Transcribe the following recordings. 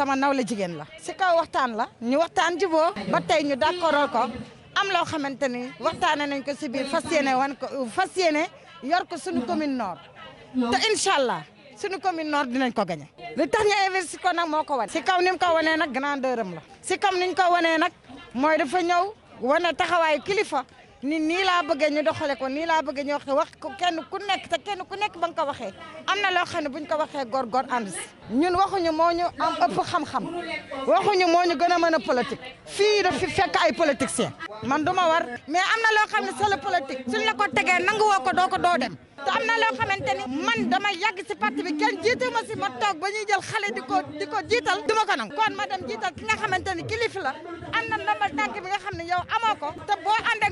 sama nawle jigéen la si kaw waxtaan la ñu waxtaan juboo ba tey ñu d'accordal ko am loo xamante ni waxtaane nañ ko si biir fas yéene wan ko fas yéene yor ko suñu commune nord te incha allah suñu commune nord dinañ ko gañe li tax ñu investi ko nag moo ko wane si kaw ni mu ko wanee nag grandeur am la si kaw ni ko wanee nag mooy dafa ñëw wane taxawaayu kilifa ni nii laa bëggee ñu doxale ko nii laa bëggee ñu waxe wax kenn ku nekk te kenn ku nekk ba ko waxee am na loo xam ne buñ ko waxee góor góor ànd si ñun waxuñu moo ñu am ëpp xam-xam waxuñu moo ñu gën a mën a politique fii daf fi fekk ay politiciens man du ma war mais am na loo xam ne c'est le politique suñ la ko tegee nangu woo ko doo ko doo dem te am na loo xamante ni man dama yàgg si parti bi kenn jiite ma si ma toog ba ñuy jël xale di ko di ko jiital du ma ko nangu kon ma dem jiital ki la am na ndambal tànk bi nga xam ne yow ko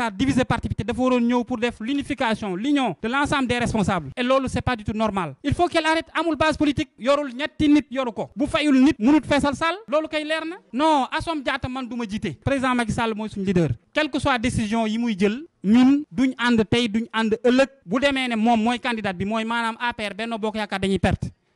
Sarr diviser parti de te dafa pour def l'unification l'union de l'ensemble des responsables et loolu c'est pas du tout normal il faut qu'elle arrête amul base politique yorul ñetti nit yoru ko bu fayul nit mënut fessal sal loolu kay leer na non à jaata man duma jité. président Macky Sall leader quelle que soit décision yi muy jël ñun duñ and tey duñ and euleuk bu demee ne moom mooy candidat bi moy manam APR Benno Bokk yaaka dañuy perte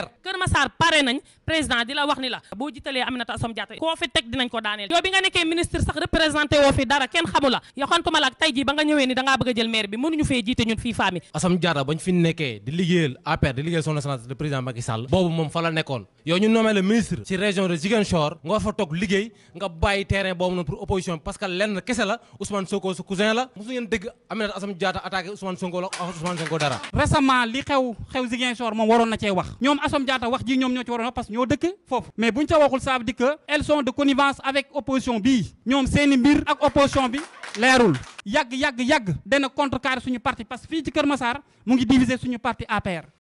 leer Kër Massar pare nañ président dinañ ko daaneel yow bi nga nekkee ministre sax représenté woo fi dara kenn xamu la yaxantuma la ak jii ba nga ñëwee ni da ngaa jël maire bi mënuñu fee jiite ñun fii faami Assome Diatta bañ fi nekkee di liggéeyal APR di liggéeyal son excellence le président Macky boobu moom fa la nekkoon yow ñu nommé le ministre ci région de Ziguinchor nga fa toog liggéey nga bàyyi terrain boobu noonu pour opposition Assome Diatta wax ji ñom ñoo ci waroon wax parce ñoo dëkk fofu mais buñ ca waxul ça veut dire que elles sont de connivence avec opposition bi ñom seeni mbir ak opposition bi lérul yag yag yàgg yàgg contre contrecarrer suñu parti parce que fii ci Kër Massar mu ngi diviser suñu parti APR